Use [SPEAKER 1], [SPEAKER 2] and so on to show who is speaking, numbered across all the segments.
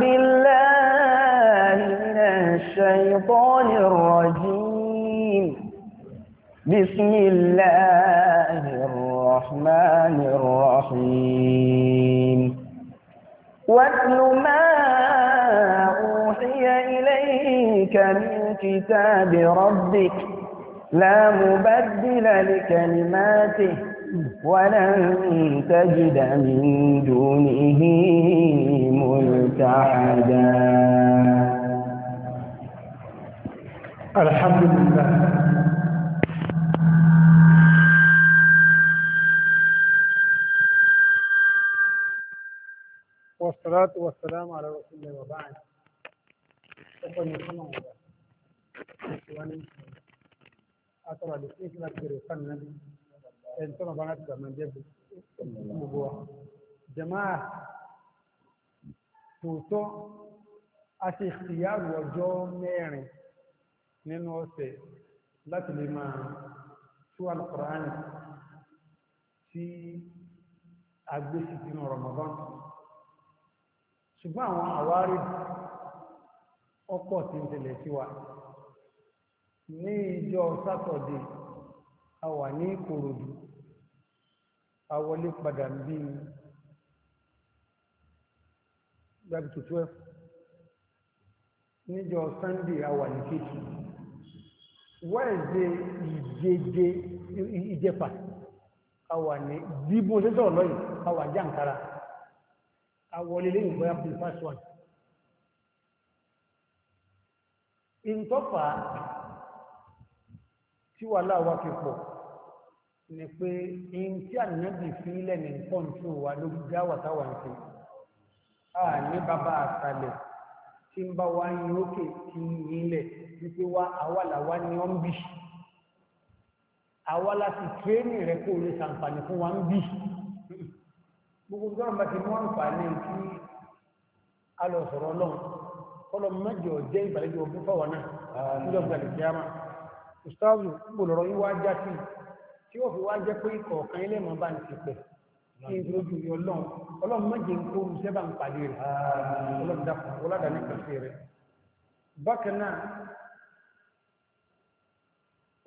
[SPEAKER 1] بالله
[SPEAKER 2] من الشيطان الرجيم بسم الله الرحمن الرحيم واتل ما أوحي إليك من كتاب ربك لا مبدل لكلماته ولن تجد من دونه ملتحدا الحمد لله والصلاة والسلام على رسول الله وبعد أترى لكيف نذكر النبي ẹni tó máa bá láti gbàgbọ́n jẹ́ gbogbo wa jamaa tòótọ́ a ti ìyàwó ọjọ́ mẹ́rin nínú ọ̀sẹ̀ láti lè máa tú alukọ̀ránì tí a gbé sí sínú Ramadan ṣùgbọ́n àwọn àwárí ọ̀pọ̀ tí ń tẹ̀lẹ̀ sí wa ní ìjọ sátọ̀dé a wà ní Ìkòròdú awọlé padà ń bí gbàgbé tó twelve níjọ́ sunday awà ní kéèkì wẹ́ẹ̀dẹ̀ ìjẹjẹ ìjẹpà awà ní bí bó ṣe sọ̀rọ̀ lọ́yìn awà jàǹkara awọlé lẹ́yìn bóyá bí first one ìntọ́fà tí wàhálà wa fi pọ̀ ni pé in tí ànábì fílẹ̀ ní nǹkan tí ó wà ló já wàtáwà ní a ní bàbá àtàlẹ̀ tí ń bá wá yín òkè tí ń yínlẹ̀ wípé wá àwàlàwà ní ọ́n bì àwa láti tírénì rẹ kó lè ṣàǹfààní fún wa ń bì gbogbo gbọ́dọ̀ ti mú tí ó fi wá jẹ́ pé kọ̀ọ̀kan ilé mọ̀ bá ń ti pẹ̀ kí n tó ju yọ lọ́n ọlọ́run méje ń kó oúnjẹ bá ń pàdé rẹ̀ ọlọ́run dàpọ̀ ọlọ́dà ní kàfé rẹ̀ bákan náà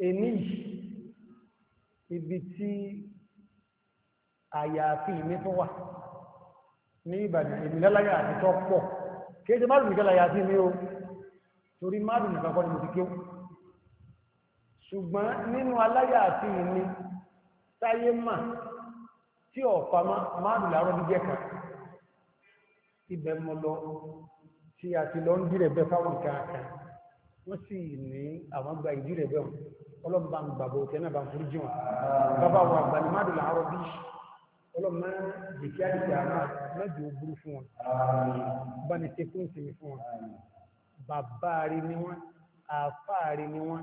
[SPEAKER 2] èmi ibi tí àyàfi mi tó wà ṣùgbọ́n nínú aláyà àti ìní táyé mà tí ọ̀pá márùn láàárọ̀ jíjẹ́ kan ibẹ̀ mọ lọ tí a ti lọ ń dìrẹ̀ bẹ́ fáwọn kankan wọ́n sì ní àwọn gba ìdírẹ̀ bẹ́ wọn ọlọ́mọba ń gbàgbọ́ òkè náà bá ń foríjì wọn bàbá wọn àgbà ní márùn láàárọ̀ bí ọlọ́mọ jìkí àdìsí àmà mẹ́jọ burú fún wọn bá ní ṣe ìsinmi fún wọn bàbá rí ni wọn àfáà rí ni wọn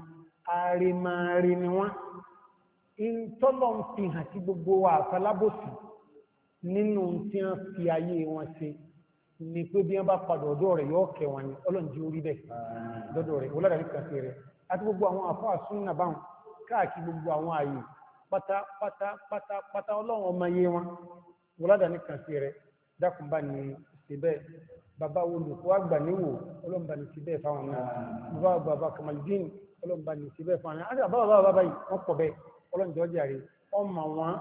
[SPEAKER 2] àrìmàrì ni wọ́n in tọ́lọ̀ ń fi hàn sí gbogbo wa àfàlábòsì nínú tí wọ́n fi ayé wọn ṣe ni pé bí wọ́n bá padà ọ̀dọ́ rẹ̀ yóò kẹ́ ni ọlọ́njẹ́ orí bẹ̀ lọ́dọ̀ rẹ̀ wọ́lọ́dà ní kàṣẹ rẹ̀ àti gbogbo àwọn àfáà súnnà báwọn káàkiri gbogbo àwọn ààyè pátá pátá pátá pátá ọlọ́run ọmọ yé wọn wọ́lọ́dà ní kàṣẹ rẹ̀ dákùnbá ni síbẹ̀ bàbá olùkọ́ àgbà níwò ọlọ́mbà ní síbẹ̀ fáwọn ọlọ́mba ní síbẹ̀ fún àwọn àti àbábà bàbá yìí wọ́n pọ̀ bẹ́ẹ̀ ọlọ́run jọ jàre ọmọ wọn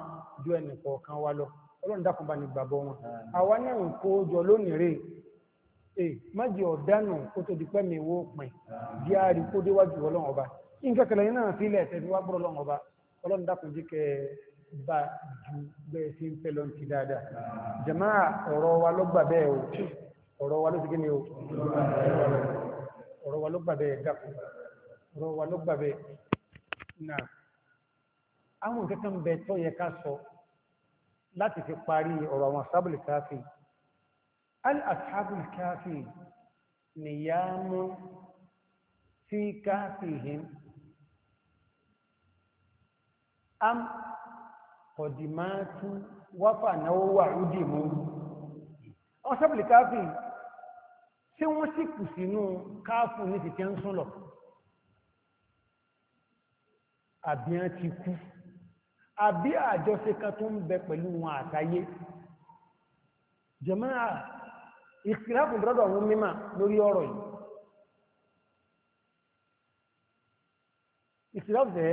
[SPEAKER 2] ju ẹnì kọ̀ọ̀kan wa lọ ọlọ́run dákun bá ní gbàgbọ́ wọn àwa náà ń kó jọ lónìí rè é májì ọ̀dánù kó tó di pẹ́mi wo pin bí a rí kó déwájú ọlọ́run nǹkan kẹlẹ́ yín náà sílẹ̀ tẹ̀sí wá gbọ́dọ̀ ọlọ́run ọba jí kẹ́ bá ju bẹ́ẹ̀ sí ń fẹ́ ti dáadáa jàmá ọ̀rọ̀ wa ló gbà bẹ́ẹ̀ o ọ̀rọ̀ wa ló ti kí ni o ọ̀rọ̀ wa ló gbà bẹ́ẹ̀ dákun ọ̀rọ̀ wa ló gbàbẹ̀ náà àwọn kankan bẹ̀ tó yẹ ká sọ láti fi parí ọ̀rọ̀ àwọn asábùlì káfí al-asábùlì káfí nìyàmú fi káfí hìn am kọ̀dìmáàtú wáfà náwó wà rúdì mú àwọn asábùlì káfí tí wọ́n sì kù sínú káfù ní ti tẹ́ ń sún àbí wọ́n ti kú àbí àjọṣe kan tó ń bẹ pẹ̀lú wọn àtayé jàmáà ìkìláàfù brọ́dọ̀ wọn mímà lórí ọ̀rọ̀ yìí ìkìláàfù jẹ́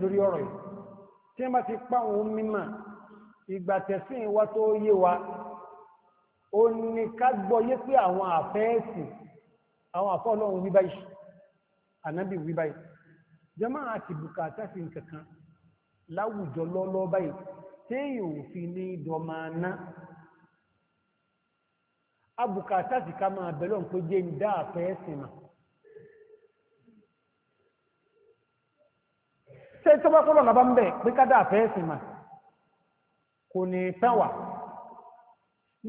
[SPEAKER 2] lórí ọ̀rọ̀ yìí tí wọ́n bá ti pa wọn mímà ìgbà tẹ̀sìn wa tó yé wa ó ní ká gbọ́yé pé àwọn àfẹ́ẹ̀sì àwọn àfọ́ ọlọ́run wíbáyìí ànábì wíbáyìí jama àti bùkátà sí nkankan láwùjọ lọ́lọ́ báyìí téèyàn ò fi ní dọmaná a bùkátà sí ká máa bẹ̀lọ́n pé jẹ́ ń dá àfẹ́ ẹ̀sìn mà ṣe tó bá kọ́lọ̀ bàbá ń bẹ̀ pé ká dá àfẹ́ kò ní tán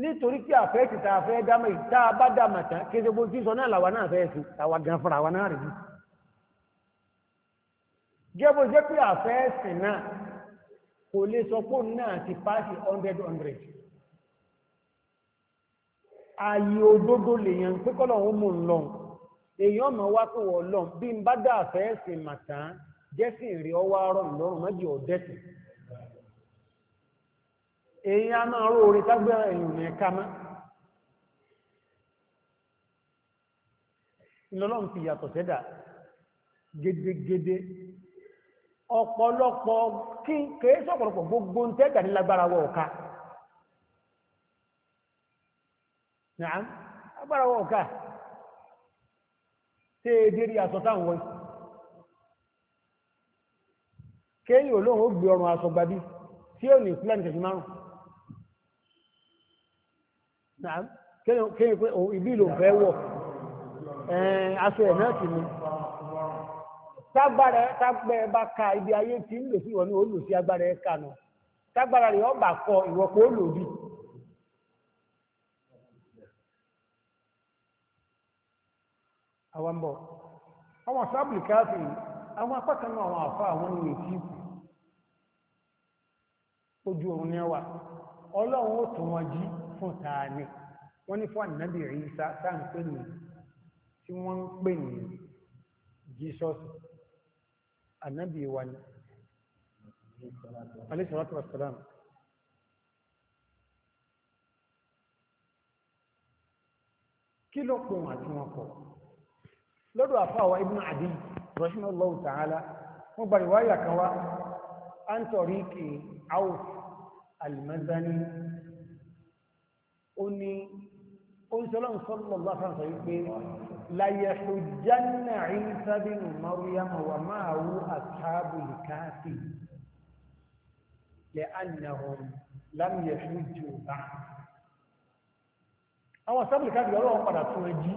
[SPEAKER 2] nítorí pé àfẹ́ ti ta àfẹ́ dámà ìta bá dámà tán kéde bó ti sọ náà làwa náà fẹ́ ẹ̀sìn àwa náà rèé jẹ́bọ́ jẹ́ pé àfẹ́ẹ̀sìn náà kò lè sọ ti pàṣẹ 100-100 ààyè òdodo lèyàn pé kọ́lọ̀ ó mú lọ èyàn mọ̀ wá pé wọ́n lọ bí n bá dá àfẹ́ẹ̀sìn màtá jẹ́sìn rí ọwọ́ arọ́ ìlọ́rùn ọ̀dẹ́sìn ọ̀pọ̀lọpọ̀ kí kèé sọ̀pọ̀lọpọ̀ gbogbo ń tẹ́gbà ní lágbára wọ ọ̀ka náà agbára wọ ọ̀ka tí è dérí àsọ̀tàn wọ́n kéyìn ó gbé ọrùn tí ó ní ìpínlẹ̀ tágbára ẹ ka ibi ayé tí ń lò sí ìwọ ní o lò sí agbára ẹ kà nù tágbára rẹ ọba kọ ìwọ kò lò bí. àwọn bọ̀ àwọn sábìlì àwọn apákan àwọn àfa àwọn ní ètí ojú òun ni wà ọlọ́run ó tún wọn jí fún tààní wọ́n ní fún ànábì sáà ń النبي وال عليه الصلاة والسلام كيلو كوما تيماكو لدو أفاوى ابن عدي رحمه الله تعالى مبرواية كوا أن تريكي عوف المزني أني oníṣọ́lọ́run sọ́lọ́ bá fà sọ wípé láyẹ̀hùjánà ìsábìnù mọ́ríyàmọ̀ wà máa wú àtàbùlì káàfì lẹ́ ànàhùn lámìyẹ̀hùjù bá àwọn àtàbùlì káàfì lọ́rọ̀ padà tún ẹjí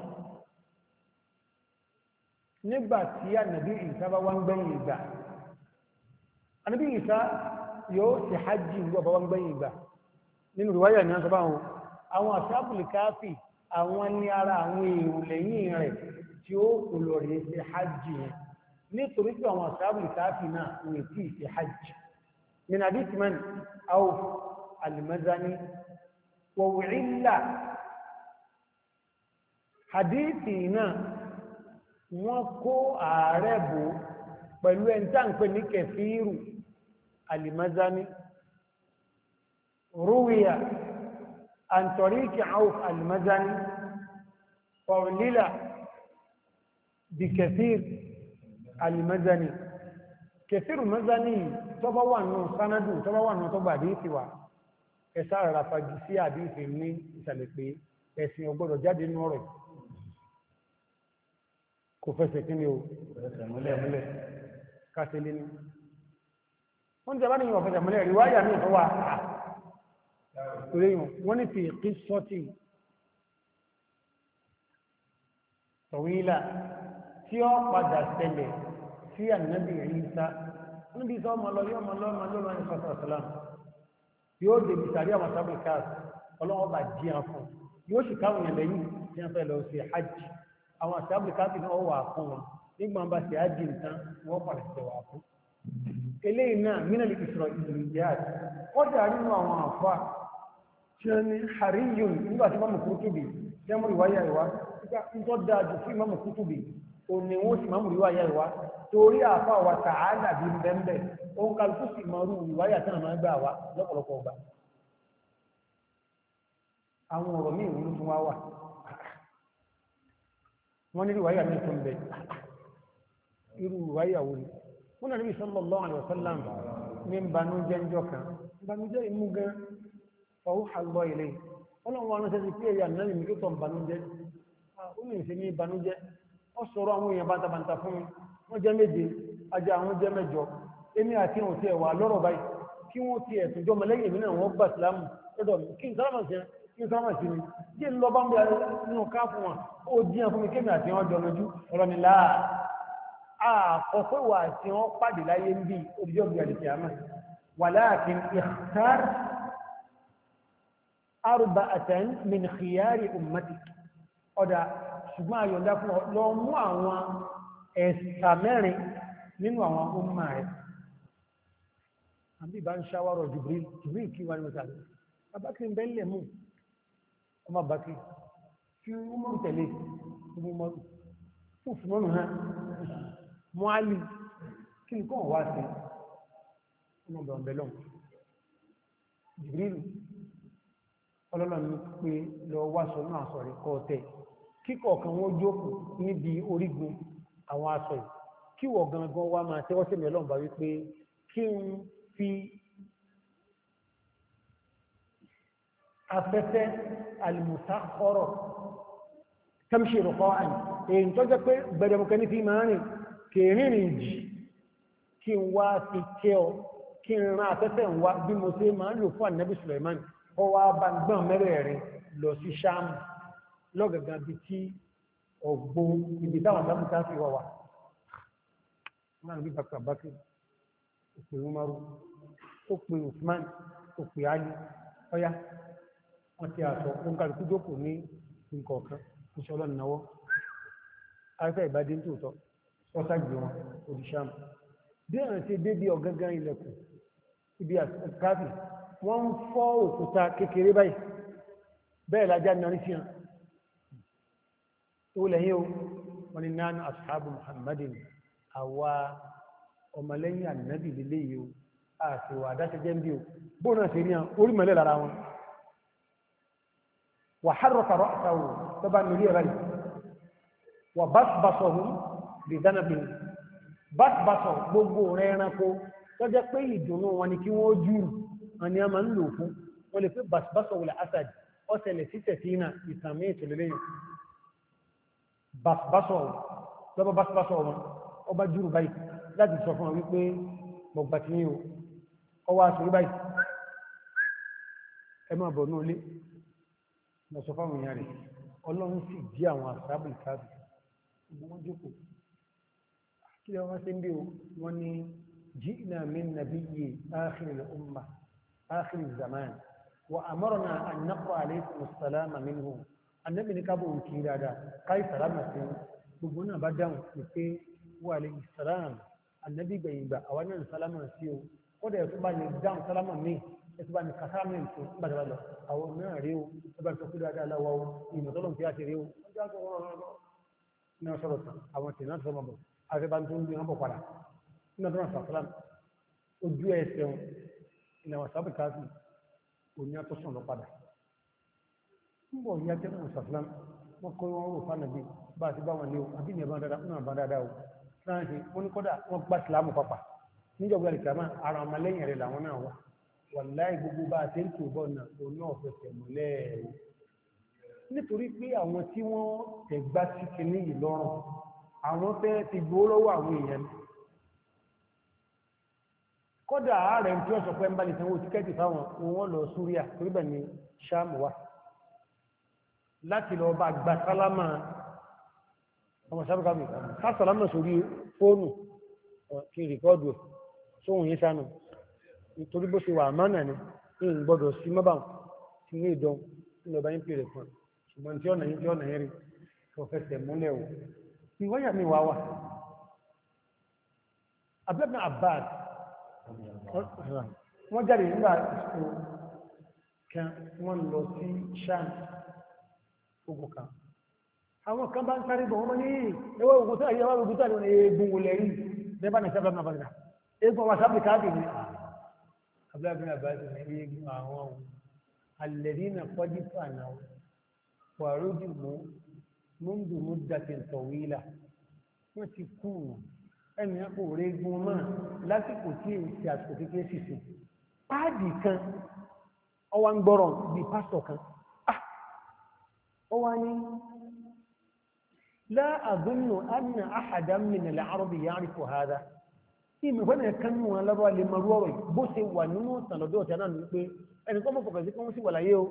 [SPEAKER 2] nígbà tí ànàbí ìsá bá wá ń gbẹ̀yìn ìgbà ànàbí ìsá yóò ti hajji àwọn àṣàbùlì káàfì àwọn ní ara àwọn èrò lẹ́yìn rẹ̀ tí ó kò lọ rẹ̀ ṣe hajj yẹn nítorí pé àwọn àṣàbùlì káàfì náà wọ́n ti ṣe hajj min hadith man Awf al hadithi náà wọ́n kó ààrẹ bò pẹ̀lú ẹni ní kẹfíìrù al ruwiya عن طريق عوف المزني فعلل بكثير المزني كثير المزني tọba wà nù sánádù tọba wà nù tọba àdíìsì wà ẹ̀sà rárá fagi sí àdíìsì ní ìsàlẹ̀ pé ẹ̀sìn ọgbọ́dọ̀ jáde nù ọ̀rọ̀ kò fẹsẹ̀ kí o múlẹ̀ múlẹ̀ kásẹ̀ lé ní wọ́n ti sábà ní ìwọ̀n fẹsẹ̀ múlẹ̀ rí lẹ́yìn wọ́n ní fi ìkí sọ́tì tọ̀wílà tí ó padà tẹ̀lẹ̀ sí ànábì Ìsá níbi ìsọ́ ọmọ lọ yọ́mọ lọ́mọ lọ́mọ ní sọ́sọ̀sọ́lám yóò dèbì sàrí àwọn sábì káàs ọlọ́wọ́ bá jí wọn fún yóò sì káwọn yẹn lẹ́yìn tí wọ́n fẹ́ lọ sí hajj àwọn sábì káàs náà wà fún wọn nígbà bá sì hajj nǹkan wọ́n padà sí wà fún eléyìí náà mínà ní ìsọ̀rọ̀ ìlú nínú àwọn àfáà tí wọ́n ní hariyun nígbà tí mọ́mù kúrútùbì tí wọ́n mú ìwáyà ìwá tó dáa jù fún ìmọ̀mù kúrútùbì òní wọ́n sì mọ́mù ìwáyà ìwá torí àfa wa tààlà bí bẹ́ńbẹ́ òun kálukú sì mọ́rú ìwáyà tí wọ́n máa gbà wá lọ́pọ̀lọpọ̀ ọgbà àwọn ọ̀rọ̀ míì wúlò tún wá wà wọ́n ní ìwáyà mi tún bẹ̀ irú ìwáyà wo ni wọ́n náà níbi sallallahu alaihi wasallam ní ìbànújẹ́ ń jọ kan ìbànújẹ́ فأوحى الله إليه ọlọ́run wọn ránṣẹ́ sí pé ẹ̀yà náà mi tó tàn bànújẹ́ ah, ó mìí sí ní bànújẹ́ ó sọ̀rọ̀ àwọn èèyàn bàtàbàtà fún mi wọ́n jẹ́ méje ajá àwọn jẹ́ mẹ́jọ èmi àti wọn ti ẹ̀wà lọ́rọ̀ báyìí kí wọ́n ti ẹ̀sùn jọmọ lẹ́yìn èmi náà wọ́n gbà sílámù lọ́dọ̀ mi kí n sálámà arba'atan min khiyari ummatik ọ̀dà ṣùgbọ́n àyọ̀dá fún ọ lọ mú àwọn ẹ̀sà mẹ́rin nínú àwọn ọmọ rẹ̀ àbí bá ń ṣáwárọ̀ Jibril Jibril kí wá ní mẹ́sàlẹ̀ abákí ń bẹ́lẹ̀ mú ọmọ abákí kí ó mọ́ tẹ̀lé ọmọ mọ́ fún fúnmọ́nù hàn mọ́ alì kí nǹkan wá sí ọmọ bẹ̀rẹ̀ Jibril ọlọ́lọ́ni pé lọ wá aṣọ náà aṣọ rẹ̀ kọ́ tẹ̀ kíkọ̀ọ̀kan wọn jókòó níbi orígun àwọn aṣọ yìí kí wọ̀ gangan wá máa tẹ́wọ́ sí mi bá wípé kí n fi afẹ́fẹ́ alìmùsá ọ̀rọ̀ tẹ́mṣe ìrọ̀kọ́ àyìn èyí tó jẹ́ pé gbẹ̀dẹ̀mùkẹ́ ní fi máa rìn kèrìnrìn jì kí n wá fi kẹ́ ọ kí n ran afẹ́fẹ́ ń wá bí mo ṣe máa lò fún ànábì Suleiman ọwọ́ abangbọ́n mẹ́rẹ̀ẹ̀rin lọ sí sáàmù lọ́gàgàn bí tí ọ̀gbọ́ ibi táwọn lámúta fi wà wà máa rí bàkà bákì òpè umaru òpè usman òpè ali ọya wọn ti àtọ wọn kàrí kú jókòó ní nǹkan kan iṣẹ́ ọlọ́run náwọ́ afẹ́ ìbádé ń tòótọ́ ọ̀sá wọn òdìṣàmù bí àwọn ti dé bí ọ̀gángan ilẹ̀kùn ibi àkáàfì wọ́n ń fọ́ òkúta kékeré báyìí bẹ́ẹ̀ lájá ní orísí hàn tó lẹ́yìn o wọ́n ni nánú ashabu muhammadin àwa ọmọlẹ́yìn ànábì lílé yìí o àti wà dáṣẹ́jẹ́ ń bí o bó náà sí ní orí mẹ́lẹ̀ lára wọn wà hárọ̀kàrọ̀ àtàwò tó bá nílé ẹ̀rọ yìí àni a máa ń lò fún wọ́n lè fi basbasa wùlẹ̀ asad ọ́sẹ̀lẹ̀ sí tẹ̀fínà ìtàmì ìtòlélẹ́yìn basbasa lọ́bọ̀ basbasa wọn ọba jùrù báyìí láti sọ fún wípé mọ̀gbà tí yíò ọwá àṣírí báyìí ẹ máa bọ̀ náà lé lọ sọ ọlọ́run sì jí àwọn àṣàbùn káàbì wọ́n jókòó kí lọ́wọ́ sí ń bí wọ́n ní jí ìnàmí nàbí yìí áàkìrì ọmọ آخر الزمان وأمرنا أن نقرأ عليكم السلام منه النبي نكابو كيرا دا كاي سلامة بمنا بدأ نتي وعليه السلام النبي بيبا أولا سلامة سيو kódà ẹ̀ tún bá ní dáhùn sálámà míì ẹ̀ tún bá ní kàtà míì tó gbàdúrà lọ àwọn mìíràn rí o ẹ̀ bá ní sọ́kúrò dáadáa láwa o ìmọ̀ tọ́lọ̀ fi àti rí o ní wọ́n sọ̀rọ̀ tán àwọn tìǹà tó sọ̀rọ̀ bọ̀ àti bá ń tún bí wọ́n bọ̀ padà ní wọ́n tó sọ̀rọ̀ ojú ẹsẹ̀ ìlànà sábà káàkiri òní àtọ́sùn lọ padà ń bọ̀ ìyá jẹ́ mọ̀ sàfilán wọ́n kọ́ wọn rò fánàbí bá a ti bá wọn ní o àbí ní ẹ̀bá dáadáa fún àbá dáadáa o láàrín wọn ní kọ́dà wọn gbá sílámù papà níjọba ìkàmá ara ọmọ rẹ̀ làwọn náà wà wàláì gbogbo bá a ti ń tò bọ́ náà òun náà fẹsẹ̀ mọ́lẹ̀ o nítorí pé àwọn tí wọ́n tẹ̀gbá sí kinní yìí lọ́rùn àwọn fẹ́ ti gbowó lọ́wọ́ àwọn èèyàn ni kọ́dà ààrẹ tí ó sọ pé ń bá lè sanwó tíkẹ́ẹ̀tì fáwọn wọn lọ súríà toríbẹ̀ ni sáàmù wá láti lọ bá gbà sálámà ọmọ sábàkàmì sásálámà sórí fóònù kí rìkọ́dù ẹ̀ sóhun yé sánú nítorí bó ṣe wà mánà ni ń gbọ́dọ̀ sí mọ́bàwọn tí ní ìdán lọ́ba yín pèrè fún ṣùgbọ́n tí ọ̀nà yín tí ọ̀nà yín rí kò wọ́n jáde nígbà ìsìnkú kan wọ́n lọ sí sham ogun kan àwọn kan bá ń sáré bọ̀ wọ́n ní ẹwọ́ ogun tó àyíwá ogun tó àyíwá eegun olè rí bẹ́ẹ̀ bá ní sábà máa bàjá eegun àwọn sábà wọ́n ti kú ẹnì kò rẹ gun mọ́ lásìkò tí èyí ti àsìkò kékeré sì sí páàdì kan ọwọ́ gbọ́rọ̀ bíi pásítọ̀ kan ọwọ́ ah! ní láàdúnnù anna àhàdá mìnà láàrọ̀bì yàrí kò hádá tí mẹ́fẹ́nà kan mú wọn lọ́wọ́ lè marú ọ̀rọ̀ bó ṣe wà nínú ìtànlọ́dọ̀ ọ̀tẹ́ náà ní pé ẹni tó mọ̀ sí kí wà láyé o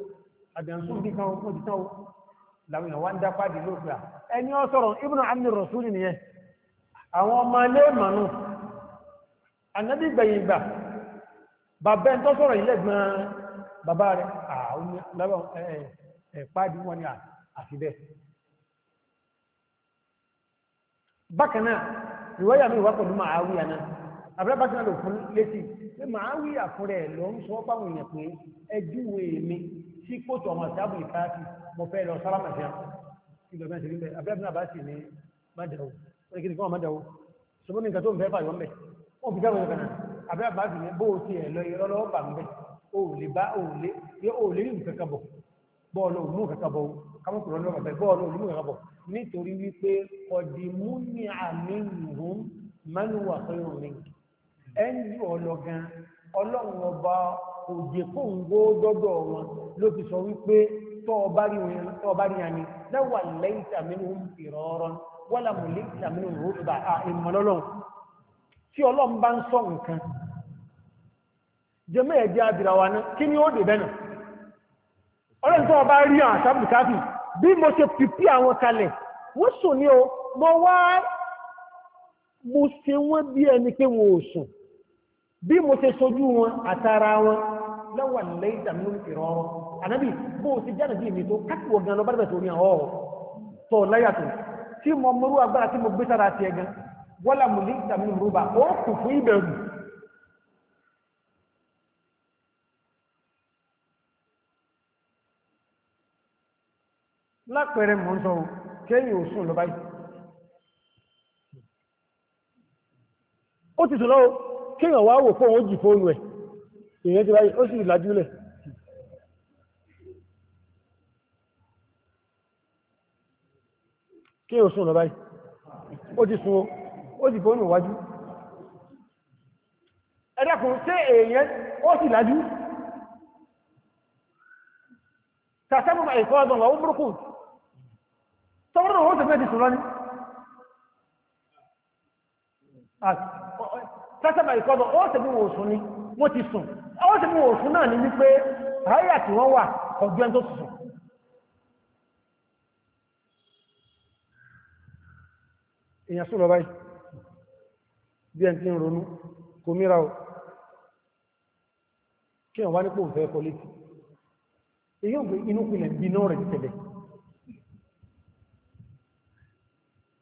[SPEAKER 2] àdànsú bí kan wọ́n ti tán làwọn èèyàn wá ń dá pàdé lóògbà ẹni ọ sọ̀rọ̀ ibùnà amni rọ̀súlì nìyẹn àwọn ọmọ ilé ìmọ̀nù ànábì gbẹ̀yìngbà bàbá ẹni tó sọ̀rọ̀ ilé gbọ́n bàbá rẹ̀ àwọn lọ́wọ́ ẹ̀pàdé wọn ni àti bẹ́ẹ̀ bákan náà ìwọ́yà mi wà pẹ̀lú Màáwíyà náà àbúrábákan lò fún létí pé Màáwíyà fúnrẹ̀ lọ ń sọ fáwọn èèyàn pé ẹjúwe mi sí kóòtù ọmọ ìsáàbù ìkáàkì mo fẹ́ lọ sálámà sí àwọn ìlọ́mẹ́sì rí bẹ́ẹ̀ àbúrábákan bá sì ní mádàá ẹni kí ni kọ́ ọmọ dáwó ṣùgbọ́n nǹkan tó ń fẹ́ fàyọ́ mẹ́ ó fi dáwọ́ ìrìnà àbẹ́ àbájú ní bó ti ẹ̀ lọ irọ́ lọ́wọ́ bà ń bẹ́ ó lè bá ó lè ó lè rí nǹkan kan bọ̀ bọ́ọ̀lù òmù kankan bọ̀ kámọ́kùnrin ọlọ́run ọ̀fẹ́ bọ́ọ̀lù òmù kankan bọ̀ nítorí wípé ọ̀dìmú ni àmì ìhùn mánúwà fẹ́ràn mi ẹni ọlọ́gan ọlọ́run wọ́lá mùlí ìlàmínú rúrùbà ìmọ̀lọ́lọ́run tí ọlọ́run bá ń sọ nǹkan jẹmọ́ ẹ̀jẹ́ àbìràwà náà kí ni ó dè bẹ́nà ọlọ́run tó ọba rí àwọn àṣàbùkátì bí mo ṣe pìpì àwọn kalẹ̀ wọ́n sùn ní o mo wá mo ṣe wọ́n bí ẹni pé wọn ò sùn bí mo ṣe sojú wọn àtara wọn lọ́wọ́ lẹ́yìn ìdàmínú ìrọ̀rùn ànábì bó o ti jáde bí mi tó káàkiri ọ̀gán lọ bá dẹ̀ tó rí àwọn ọ̀rọ̀ tó láyàtọ̀ tí mo mọrú agbára tí mo gbé sára ti ẹ̀gán wọ́lá mo ní ìtàmì rúbà ó kù fún ìbẹ̀rù lápẹẹrẹ mọ̀ ń sọ kéyìn ò sùn lọ báyìí ó ti sùn lọ́wọ́ kéyìn ọ̀wá wò fóun ó jì fóun ẹ̀ èèyàn báyìí ó sì lájú kí o sùn lọ báyìí ó ti sun ó ti fóònù wájú ẹ̀dàkùn tí èèyàn ó sì lájú tàṣẹ́mù ẹ̀kọ́ ọdún wà ó burúkú tọ́wọ́rọ̀ ti sùn lọ́ní tàṣẹ́mù ẹ̀kọ́ ọdún ó tẹ̀fẹ́ wò sùn ní wọ́n ti sùn ó sùn èèyàn sùn lọ báyìí bí ẹni tí ń ronú kò míra o kí wọ́n wá nípò òfẹ́ ẹ̀kọ́ létí èyí ò gbé inú pinlẹ̀ bí náà rẹ̀ tẹ̀lẹ̀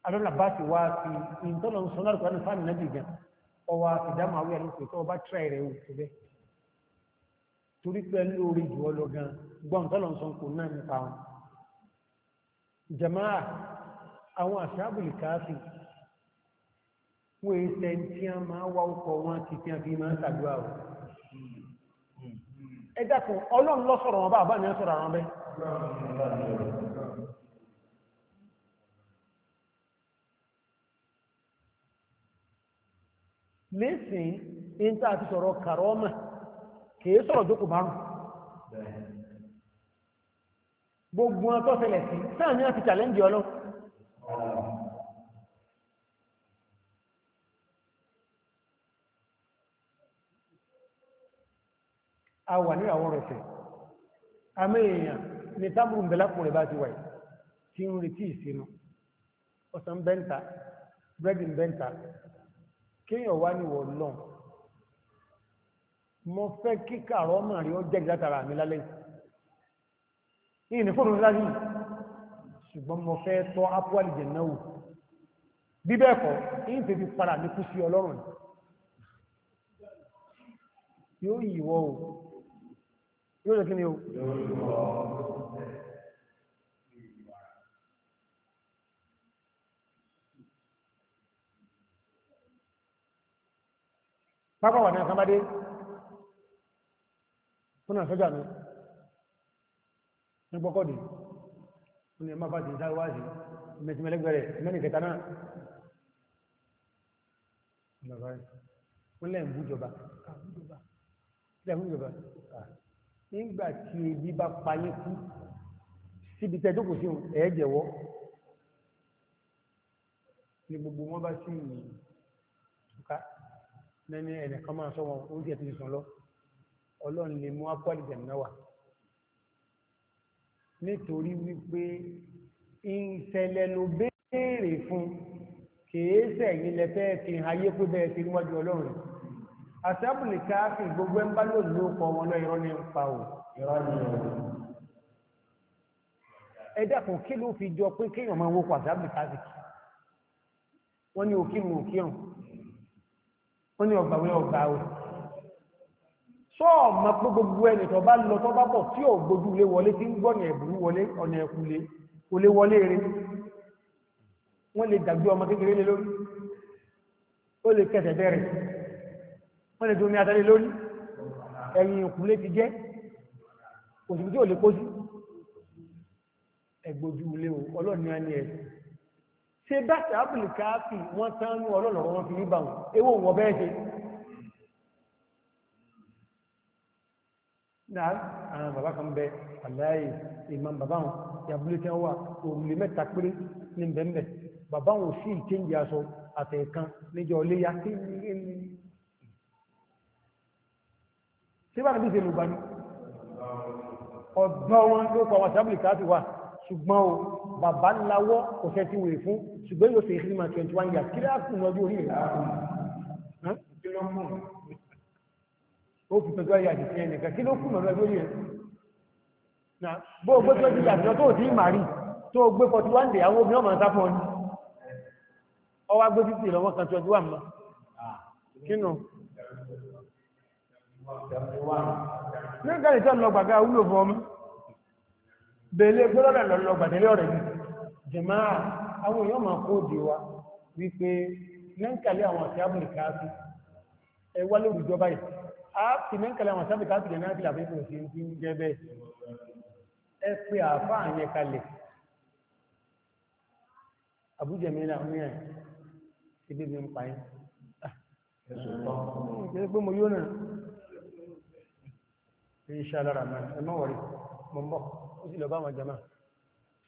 [SPEAKER 2] alọ́là bá ti wá sí ìtọ́lọ̀ ń sọ lárúkọ ní fáàmì náà dìgbà ọwọ́ ìdámọ̀ àwẹ́ àlùkò tó ọba tíráì rẹ̀ òkú lórí jù ọ lọ gbọ́n tọ́lọ̀ ń sọ kò náà nípa wọn jàmáà àwọn àṣàbùlì káàfì wọ́n ń sẹ́ tí a máa wá ọkọ̀ wọn ti tí a fi máa ń sàdúrà ọ̀. ẹ dákun ọlọ́run lọ sọ̀rọ̀ wọn bá àbá ní ọ sọ̀rọ̀ àwọn bẹ́ lẹ́sìn in tá a ti sọ̀rọ̀ kàrọ́mà kìí sọ̀rọ̀ jókò márùn gbogbo wọn sí sáà ní a ti challenge ọlọ́run a wà ní àwọn rẹ̀fẹ̀ àmì èèyàn ni tábùrù ń bẹ lápò rẹ̀ bá ti wà tí ń retí ìsinú ọ̀sán bẹ́ńtà bírẹ́dì bẹ́ńtà kéèyàn wá ní wọ̀ lọ́n mo fẹ́ kí kààrọ̀ ọmọ rí ó jẹ́ ìdátara mi lálẹ́ yóò yíwọ́ o yóò lè kí ni o pápá wà ní àkàmádé fúnà sọ́jà mi ní gbọ́kọ̀dì ní ẹmà bá ti sáwáàsì mẹ́tìmẹ́lẹ́gbẹ̀rẹ̀ mẹ́rin kẹta náà wọ́n lẹ́yìn bú jọba lẹ́yìn bú jọba nígbà tí ebi bá pa yín kú síbi tẹ́ jókòó sí òun ẹ̀ ni gbogbo wọn bá sí ìyìn ìtúká lẹ́ni ẹnìkan máa sọ wọn oúnjẹ ti sùn lọ ọlọ́run lè mú apọ́lì jẹ̀mí náà wà nítorí wípé ìṣẹ̀lẹ̀ ló béèrè fún kèé sẹ̀yìn lẹ́fẹ́ fi ayé pé bẹ́ẹ̀ sí níwájú ọlọ́run àtẹ́bùlì káàkì gbogbo ẹ̀ ń bá lò ní ọkọ̀ wọn lọ irọ́ ní pa ò irọ́ ní ò ẹ dẹ́kun kí ló fi jọ pé kéèyàn máa wọ́pọ̀ àtẹ́bùlì káàkì wọ́n ní òkìrùn òkìrùn wọ́n ní ọgbàwé ọgbàwé sọ́ọ̀ mọ̀ pé gbogbo ẹni tó bá lọ tó bá bọ̀ tí ò gbójú lé wọlé tí ń gbọ́ ọ̀nà ẹ̀bùrú wọlé ọ̀nà ẹ̀kú lé wọlé rẹ̀ wọ́n lè dàgbé ọmọ kékeré lé lórí ó lè kẹsẹ̀ bẹ̀rẹ̀ wọ́n lè fi omi àtàlẹ́ lórí ẹ̀yìn òkúlé ti jẹ́ òṣìṣẹ́ tí ò lè kó sí ẹgbójú ilé o ọlọ́ni ẹni ẹ̀ ṣe bẹ́ẹ̀ ápùlì káàfì wọ́n tán ní ọlọ́lọ́rọ̀ wọn fi ní bàwọn ewó wọ bẹ́ẹ̀ ṣe náà àwọn bàbá kan bẹ aláì ìmọ̀ bàbá wọn yàbúlé tí bá nàbí ìṣèlú bani ọ̀dọ́ wọn ló kọ àwọn sábìlì káàtì wa ṣùgbọ́n o bàbá ńláwọ́ kò fẹ́ ti wèrè fún ṣùgbọ́n yóò ṣe ìṣẹ́lú ma twenty one years kí láàkù ní ọdún orí rẹ̀ ó fi tọ́jú ayé àdìsí ẹ̀ nìkan kí ló kù mọ̀ lọ́dún orí rẹ̀ bó o gbé twenty years lọ tó o ti ń màrí tó o gbé forty one day àwọn obìnrin ọmọ ń sá fún ọ ní ọwọ́ agbé títì lọ́wọ́ kan twenty one mọ́ kí nù ní gáàrí tó lọ gbàgá wúlò fún ọmọ bèèlè gbọ́lọ́dà lọ gbàdélé ọ̀rẹ́ ní jẹ̀máà àwọn èèyàn máa kó dì wa wípé nẹ́ǹkàlẹ̀ àwọn àti ábùlì káàkì ẹwà lórí ìjọba yìí a ti nẹ́ǹkàlẹ̀ àwọn àti ábùlì káàkì jẹ̀ náà kí làbẹ́ ìfòsí ti ń jẹ́ bẹ́ẹ̀ ẹ pé àáfàá yẹn kalẹ̀ àbújẹ̀mí náà ní ẹ̀ ibi mi ń pa yín. ẹ pé mo yóò náà insha Allah rahman ẹ má wọrí mo ń bọ̀ ó sì lọ bá àwọn jama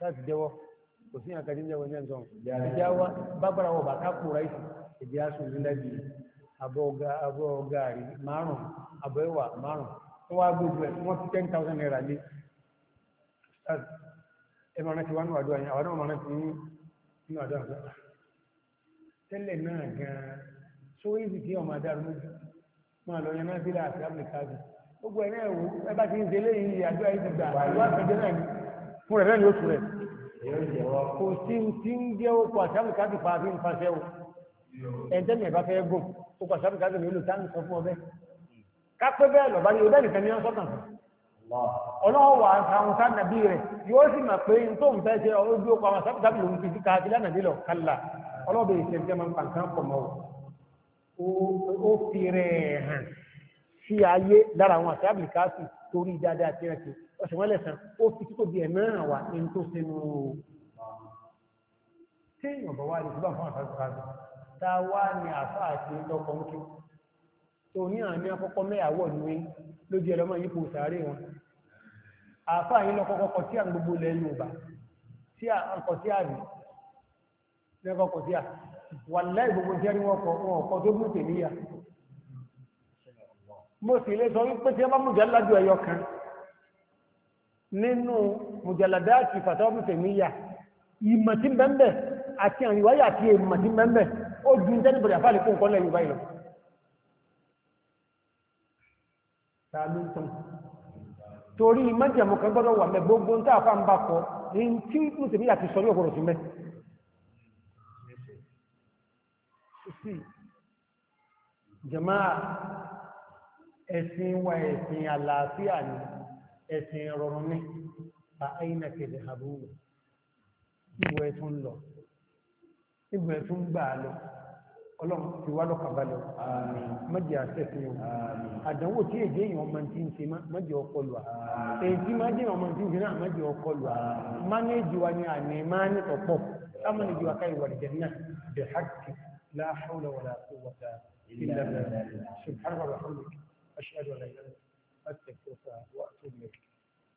[SPEAKER 2] láti jẹ́wọ́ kò sí àkà tí ń jẹ́wọ́ ní ẹ̀ sọ̀rọ̀ ìjà wa bábara wọ̀ bàtà kù ráìsì ìdí aṣọ ìlẹ̀ bíi abọ́ gààrí márùn-ún abọ́ ẹ̀wà márùn-ún wọ́n wá gbogbo ẹ̀ wọ́n fi ten thousand naira lé ẹ máa rántí wá ní àdúrà yẹn àwọn náà máa rántí nínú àdúrà pé tẹ́lẹ̀ náà gan-an sóyè ìdí ọmọ adarú máa lọ yẹn náà bí láàfin áfíríkà bíi gbogbo ẹ̀rẹ́ ẹ̀wò ẹbá ti ń délé yìí àjọ ìdìgbà ìwà àpẹjẹ náà ni fún rẹ̀ lẹ́nu oṣù rẹ̀ kò sí ti ń jẹ́ ó kọ àṣàmì káàdì fa àbí nǹkan o ẹ̀ńtẹ́mì ẹ̀bá fẹ́ gùn ó kọ àṣàmì káàdì mélòó tá ń sọ fún ọbẹ̀ kápẹ́ bẹ́ẹ̀ lọ́ba ni ọbẹ̀ nìkan ni wọ́n sọ́kàn ọlọ́wọ́ wà àwọn sánàbí rẹ̀ yóò sì mà pé n tó ń fẹ́ ṣe ojú ọkọ̀ àwọn sábàbí lòun fi sí káàkiri lánàbí lọ kálà ọlọ́bẹ̀ ìṣẹ̀jẹ̀ máa ń pa nǹkan pọ̀ mọ́ o ó sí ayé lára àwọn àti àbìkáàsì torí dáadáa tí wọ́n ṣe ọ̀sẹ̀ wọ́n lẹ̀sán ó fi títò bí ẹ̀mí ràn wá ní tó sínú tí ìyọ̀bọ̀ wá lè túbà fún àtàkùnkàrù tá a wá ní àfá àti ọkọ̀ ń kí tó ní àmì àkọ́kọ́ mẹ́yàwó ní lójú ẹlọ́mọ yípo sàárè wọn àfá yìí lọ kọ́kọ́ kọ sí à gbogbo ilẹ̀ Yorùbá tèmíyà mo sì lè sọ wípé tí wọ́n bá mùjáládù ẹ̀yọ kan nínú mùjáládà àti fàtọ́wọ́mù tèmíyà ìmọ̀ tí bẹ́ẹ̀ àti àríwáyà àti ìmọ̀ tí bẹ́ẹ̀ ó ju ní tẹ́lifọ̀dì àfáàlì fún nǹkan lẹ́yìn báyìí lọ. ta ló ń tán torí májàmú kan gbọ́dọ̀ wà mẹ́ gbogbo ń tàfà ń bá kọ ní tí mo àti sọ ní ọ̀pọ̀lọpọ̀ sí mẹ́. jama'a ẹ̀sìn wa ẹ̀sìn àlàáfíà ni ẹ̀sìn rọrùn ní àáyínà kèdè àbúrò ìwọ̀ ẹ̀tún lọ ìwọ̀ ẹ̀tún gbà lọ ọlọ́run ti wá lọ́kàbalẹ̀ mọ́jì àṣẹ́fin o àdánwò tí èdè èèyàn ọmọ tí ń ṣe mọ́jì ọkọlù à èyí tí mọ́jì ọmọ tí ń ṣe náà mọ́jì ọkọlù à mánéjì wa ni àní máa ní tọ̀pọ̀ wa káyìí wàlẹ̀ jẹ̀nà bẹ̀ hákì أشهد أن لا إله إلا الله وأتوب إليك